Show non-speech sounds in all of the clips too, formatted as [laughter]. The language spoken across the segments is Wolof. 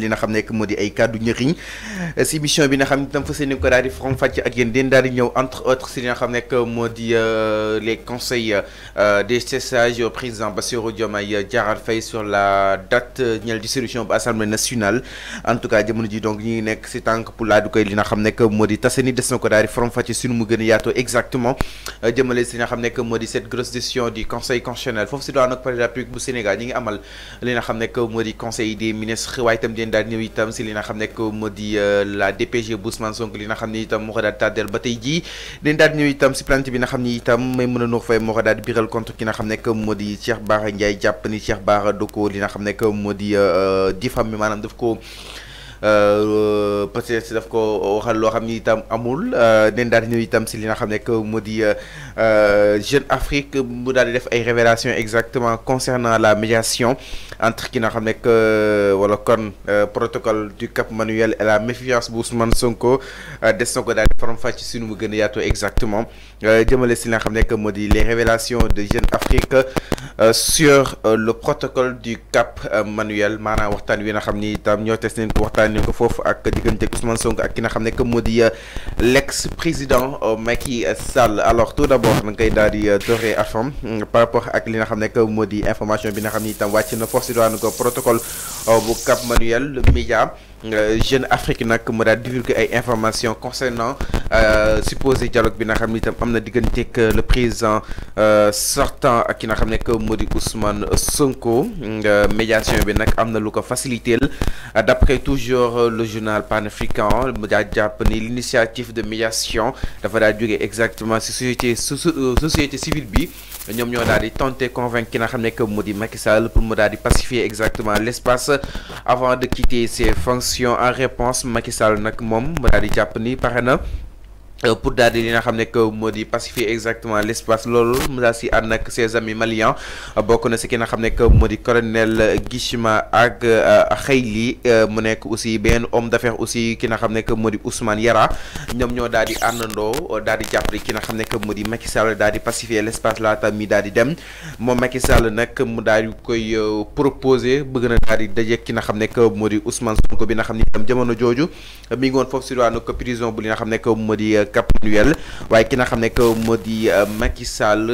li nga xam nekk moo ay cadeau ñëriñ ci mission bi nga xam tam itam fas ko daal di faram fàcce ak yeen den daal di ñëw entre autres ci li nga xam modi euh, les conseils euh, des sages au président Bassirou Diomay Diakhar Fay sur la date ñël dissolution de l'Assemblée nationale en tout cas jamono ji donc ñi ngi nekk si tànk pour la du koy li nga xam nekk moo di ni des na ko daal di faram fàcce suñu mu gën yato exactement euh, jëmale ci nga xam nekk moo cette grosse décision du conseil constitutionnel foofu si doon nag président public bu Sénégal ñi ngi amal li nga xam nekk moo conseil des ministres way tam ngeen daal ñëw itam si li na xam ne moo di euh, la DPG bu Ousmane Sonko li nga xam ne itam moo ko daal tàddeel ba tey jii dañ daal ñëw itam si plainte bi na xam ni itam may mën a nuux fay moo ko daal biral contre ki na xam ne moo di Cheikh Bara Ndiaye jàpp ni Cheikh Bara do ko li nga xam ne moo di euh, euh, diffamé maanaam daf ko Euh, parce que si d'accord ko waxal loo xam ni itam amul euh, den daal di ñëw itam si que moo dit euh, Jeune Afrique mu daal faire def ay révélations exactement concernant la médiation entre qui nga xam que voilà comme protocole du Cap Manuel et la méfiance Bousman Ousmane Sonko des na ko daal di faram si nous exactement Je si laisse nga xam ne que moo dit les révélations de Jeune Afrique sur le protocole du Cap Manuel Maintenant, on wi nga xam ramener itam ñoo tes nañ waxtaanee ko foofu ak diggante Ousmane Sonko ak ki nga xam ne que moo di euh, l'ex président euh, Macky Sall alors tout d'abord da nga koy daal di euh, dooree afam par rapport ak li nga xam ne que moo di information bi nga xam ni itam wàcc na force droit ko protocole bu Cap Manuel média euh, Jeune Afrique nag mu divulgué des ay information concernant euh, supposé dialogue bi nga que euh, le président sortant ak ki nga que Modi Ousmane Sonko médiation bi été amna facilité d'après toujours le journal Pan-Africain, l'initiative de médiation dafa daal exactement société société civile bi ñom ñoo daal di tenter convaincre ki nga que Macky Sall pour mu pacifier exactement l'espace avant de quitter ses fonctions question en réponse Macky nag moom daal di jàpp ni pare na Euh, pour daal li nga xam ne que moo di pacifier exactement l' espace loolu mu daal si ànd ak ses amis bokk na si ki nga xam ne que moo di colonel Gishma ak euh, Khayli euh, mu nekk aussi benn homme d' aussi ki nga xam ne que moo di Ousmane Yara ñoo daal di àndandoo daal di ki nga xam ne que di Macky Sall daal di pacifier l' espace laata mi daal di dem moom Macky Sall nag mu daal di koy proposer bëgg na daal di ki nga xam ne que moo di Ousmane bi nga xam ne itam jamono jooju mi ngi woon foofu si waanu prison bu li na xam ne que cap annuel. waaye ki n'a xam que Modi euh, Macky Sall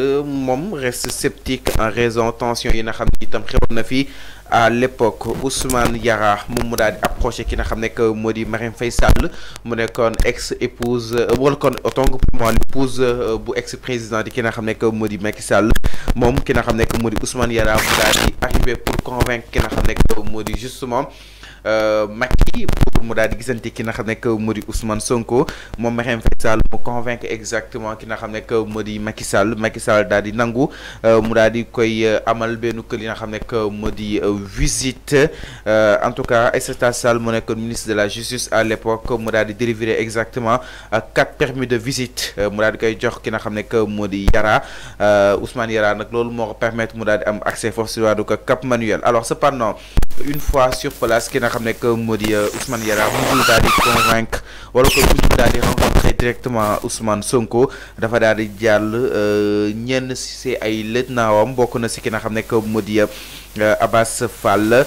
reste sceptique en raison tension yi n'a xam ne itam fi à l'époque Ousmane Yara moom mu daal di approché ki n'a xam que Modi Marine Marème Faye ex épouse wala kon autant pour moi l'épouse euh, bu ex président di ki nga xam que Modi Macky Sall ki n'a xam que Modi Ousmane Yara mu arrivé pour convaincre ki n'a xam que Modi justement Euh, Macky pour mu daal di gisante ki nga xam ne moo di Ousmane Sonko moom Marième Faye pour convaincre exactement qui n'a ramené que modi Makisal, Macky Sall Macky Sall nangu euh, mu di koy euh, amal benn kër yi que modi euh, visite en tout cas et c'est Sall ministre de la justice à l'époque mu daal délivrer exactement quatre permis de visite mu di koy jox qui n'a ramené que modi Yara Ousmane Yara nag loolu moo permettre mu accès force à Cap Manuel alors cependant une fois sur place qui n'a ramené que modi Ousmane Yara mujjul di convaincre voilà que rencontrer directement président Ousmane Sonko dafa daal di jàll euh, ñenn si ay lieutenant am bokk na si ki nga xam ne moo di euh, Abass Fall.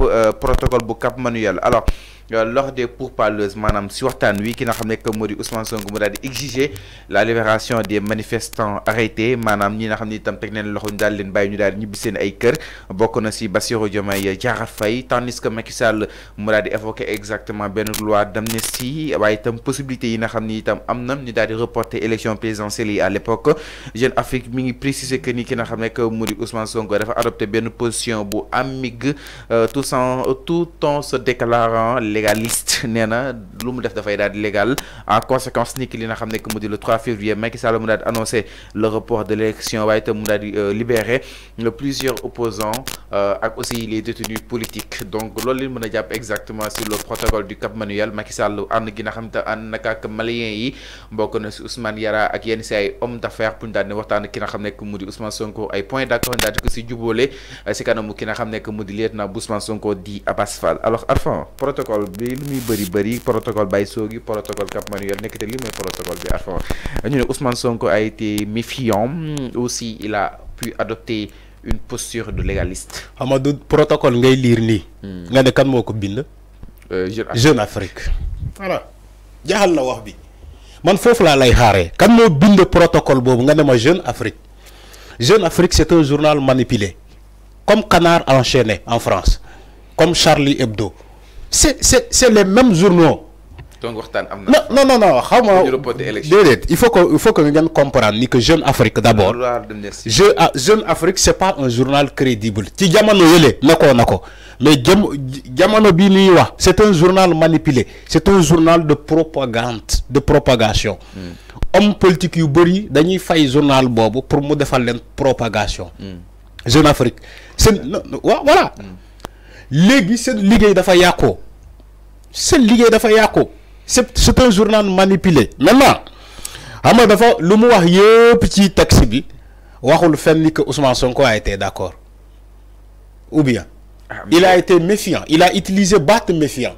Euh, protocole bu manuel alors euh, lors des pourparlers madame si waxtaan wi ki n'a xam que moo Ousmane Sonko exiger la libération des manifestants arrêtés maanaam ñi n'a xam ne itam teg neen loxo ñu daal leen bàyyi ñu daal ñibbi seen ay kër bokk na si Bassirou Diomaye tandis que Macky Sall mu daal évoquer exactement benn loi d'amnistie waaye possibilité yi n'a xam ni itam am reporter élection présidentielle à l'époque Jeune Afrique Mingi ngi préciser que ni ki nga que mu Ousmane Sonko dafa adopté position bu Amig, euh, tout en tout temps se déclarant légaliste [laughs] nee lu mu def da fay dal légal en conséquence ni ki li nga xam que mu di le 3 février Macky Sall mu daal annoncé le report de l'élection waaye itam mu daal euh, libéré plusieurs opposants euh, ak aussi les détenus politiques donc loolu li mën japp exactement sur le protocole du Cap Manuel Macky Sall and gi nga xam te ànd naka ak maliens yi mbokk na ci Ousmane Yara ak yenn Say homme d'affaires pour dal ni waxtane ki nga xam que mu di Ousmane Sonko ay point d'accord dal di ko ci jubóole euh, si kanamu ki nga xam que mu di lieutenant Ousmane Sonko di Abass Fall alors enfin protocole protocole bi lu bari bari protocole Baïsogui protocole Cap Manuel nekk protocole bi Arfan ñu né Ousmane Sonko a été méfiant aussi il a pu adopter une posture de légaliste. Hamadou, protocole ngay lire ni hmm. nga ne kan moko bind. Euh, Jeune Afrique voilà jaaxal la wax bi man fofu la lay xaré kan mo bind protocole bobu nga ne ma Jeune Afrique Jeune Afrique c'est un journal manipulé comme Canard enchaîné en France comme Charlie Hebdo c'est les mêmes journaux. donc non non non il faut que il faut que comprendre ni que Jeune Afrique d'abord je Jeune ah, Jeune Afrique c'est pas un journal crédible. ci jamono Yele nekkoon na mais jëm jamono bii ñuy wax. un journal manipulé c'est un journal de propagande de propagation. Hmm. homme politique yu bëri dañuy fay journal pour mu defal propagation. Hmm. Jeune Afrique c'est voilà. Hmm léegi c'est liguey dafa quoi C'est liguey dafa yàqoo c'est c'est un journal manipulé maintenant xam dafa lu mu wax yépp ci taxi bi waxul fenn que Ousmane Sonko a été d'accord ou bien ah, il a été méfiant il a utilisé bat méfiant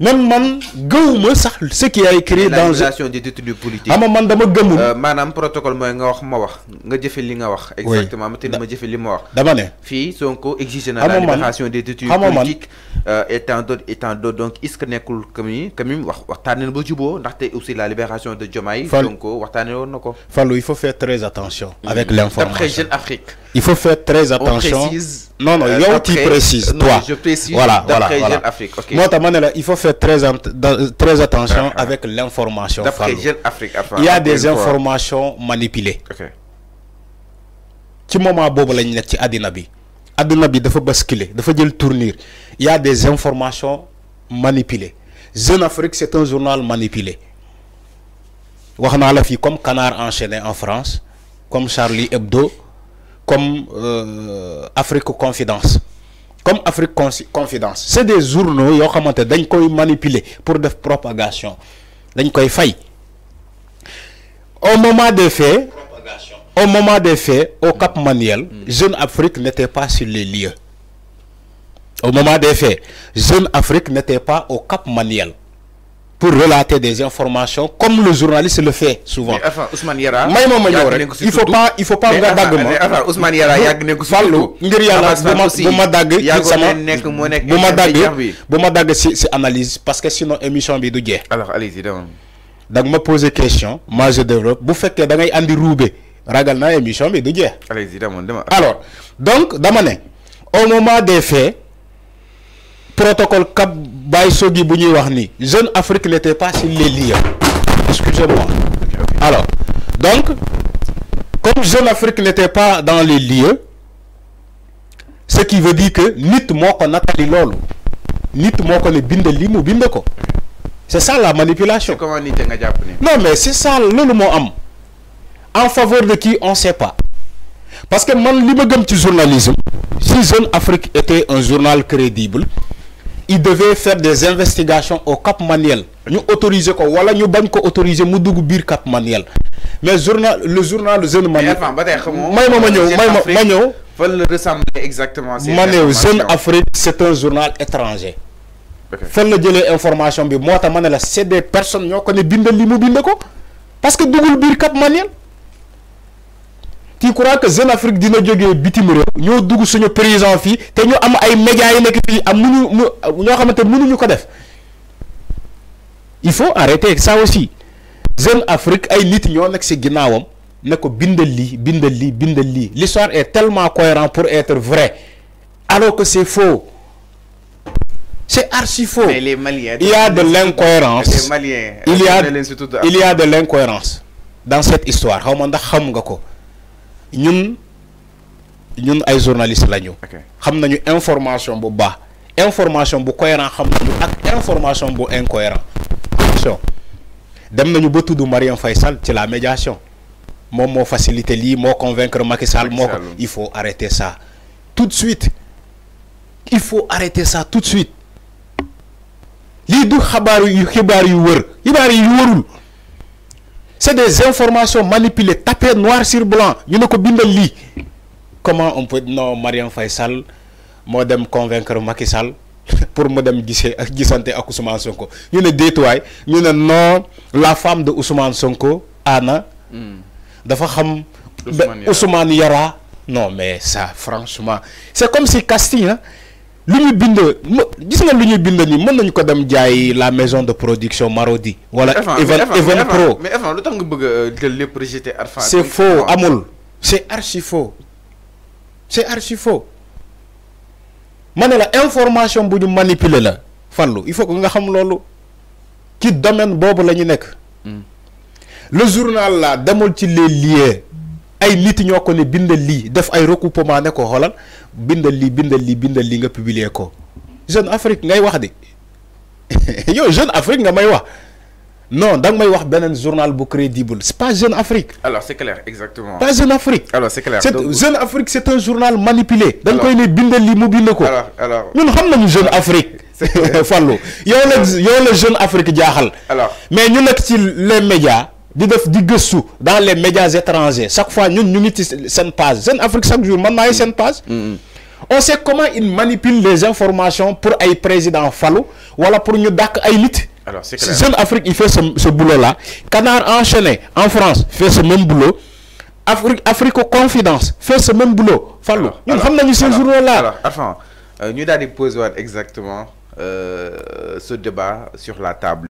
même man gëwuma sax ce qui a écrit dans l'annulation des détenus politiques xam man dama gëmul euh, manam protocole moy nga wax ma wax nga jëfé li nga wax exactement ma te ma jëfe li ma wax dama né fi Sonko exige na la libération des détenus politiques euh, et étant d'autres et d'autres donc iske nekul que nekkul wax waxtane que mi wax ndax té aussi la libération de Jomay Sonko waxtane woon na ko il faut faire très attention avec mm. l'information d'après Jeune Afrique il faut faire très attention. non, non, euh, il y a qui précise, toi. je précise, voilà, voilà, voilà. Afrique. Okay. Moi, il faut faire très, très attention ah, ah. avec l'information. D'afrique il y a des informations manipulées. Ok. Tu m'as dit que tu as dit Adinabi, bi dafa basculer dafa le tournir il y a des informations manipulées Jeune Afrique c'est un journal manipulé wax comme Canard enchaîné en France comme Charlie Hebdo comme euh, Afrique Confidence comme Afrique Confidence c'est des journaux a xamante dañ manipuler pour de propagation au moment des faits au moment des faits au Cap Manuel Jeune Afrique n'était pas sur les lieux au moment des faits Jeune Afrique n'était pas au Cap Manuel pour relater des informations comme le journaliste le fait souvent. mais Afan Ousmane Yara. il faut pas il faut pas nga dagg ma. mais Afan Ousmane Yara yàgg nekk si Fallu ngir yàlla bu ma bu ma dagg. yaa nekk moo nekk bu analyse parce que sinon émission bi du jeex. alors allez-y donc. da nga ma poser question. moi je développe Vous faites que ngay andi ruube ragal naa émission bi du jeex. allez-y dama moi alors donc dama au moment des faits protocole Cap Baye Sodi bu Jeune Afrique n'était pas sur les lieux excusez-moi alors donc comme Jeune Afrique n'était pas dans les lieux ce qui veut dire que nit qu'on a nattali lolo, nit moo ko ne bind ko c'est ça la manipulation comment non mais c'est ça le mot en faveur de qui on sait pas parce que moi, li ci journalisme si Jeune Afrique était un journal crédible il devait faire des investigations au Cap Manuel nous autoriser ko wala ñu bañ ko autoriser mu Cap Manuel mais journal le journal jeune Manuel may ma ma may ma exactement Afrique c'est un journal étranger fait le délai information mais moi tax la c'est des personnes a ko ne li parce que le Bir Cap Manuel tu crois que Jeune Afrique dina jógee bitim rew nous dugg suñu président fi té ñu am ay médias yi pays, fi am mënu ño xamanté xamante mënuñu ko def il faut arrêter ça aussi Jeune Afrique ay nit ñoo nekk ci ginaawam ne ko bindal li bindal li bindal li l'histoire est tellement cohérent pour être vrai alors que c'est faux c'est archi faux il y a de l'incohérence il y a il y a de l'incohérence dans cette histoire xawma ndax xam nga ko ñun ñun ay journaliste lañu xam nañu information bu baax information bu cohérent xam nañu ak information bu incohérent attention dem nañu ba tudd Mariam Faisal. C'est ci la médiation Moi, moi, faciliter li, moo convaincre Macky Sall moo il faut arrêter ça tout de suite il faut arrêter ça tout de suite lii du xabaar yu xibaar yu wër yu c'est des informations manipulées tapées noir sur blanc ñu ne ko comment on peut non Mariam Faisal je convaincre Macky Sall [laughs] pour que je ak gisante Ousmane Sonko ñu ne ñu ne non la femme de Ousmane Sonko Anna hmm. dafa xam Ousmane Yara non mais ça franchement c'est comme si casting hein, lu ñu bind gis nga lu ñu bind nii mën nañu ko dem jaay la maison de production Marodi. wala Even Even Pro mais Evan, 1 lu tax nga bëgg a euh, jël lépp rejeté c'est faux amul c'est archi faux c'est archi faux ma la information bu ñu manipuler la fallu il faut que nga xam loolu ci domaine boobu la ñu nekk. Hmm. le journal la demul ci les lieux. ay nit ñoo ko ne bindal lii def ay recoupement ne ko xoolal bindal lii bindal lii bindal lii nga publier ko Jeune Afrique ngay wax di [laughs] yow Jeune Afrique nga may wax non da may wax beneen journal bu crédible c'est pas Jeune Afrique. alors c'est clair exactement. pas Jeune Afrique. alors c'est clair donc Jeune Afrique un journal manipulé. dañ koy ne bindal lii mu bind ko. alors alors ñun xam nañu Jeune Afrique. [laughs] [laughs] Fallou yow la Jeune Afrique jaaxal. alors mais ñu nekk ci les médias. di def di dans les médias étrangers chaque fois nous ñu ngi ci page seen Afrique chaque jour man maa ngi page. Mm, mm. on sait comment ils manipulent les informations pour ay président Fallou wala pour ñu dàq ay c'est Afrique il fait ce boulot là. Canard enchaîné en France fait ce même boulot. Afrique Africo Confidence fait ce même boulot. falu nous xam nañu ces journaux là. alors enfin euh, ñu daal poser exactement exactement euh, ce débat sur la table.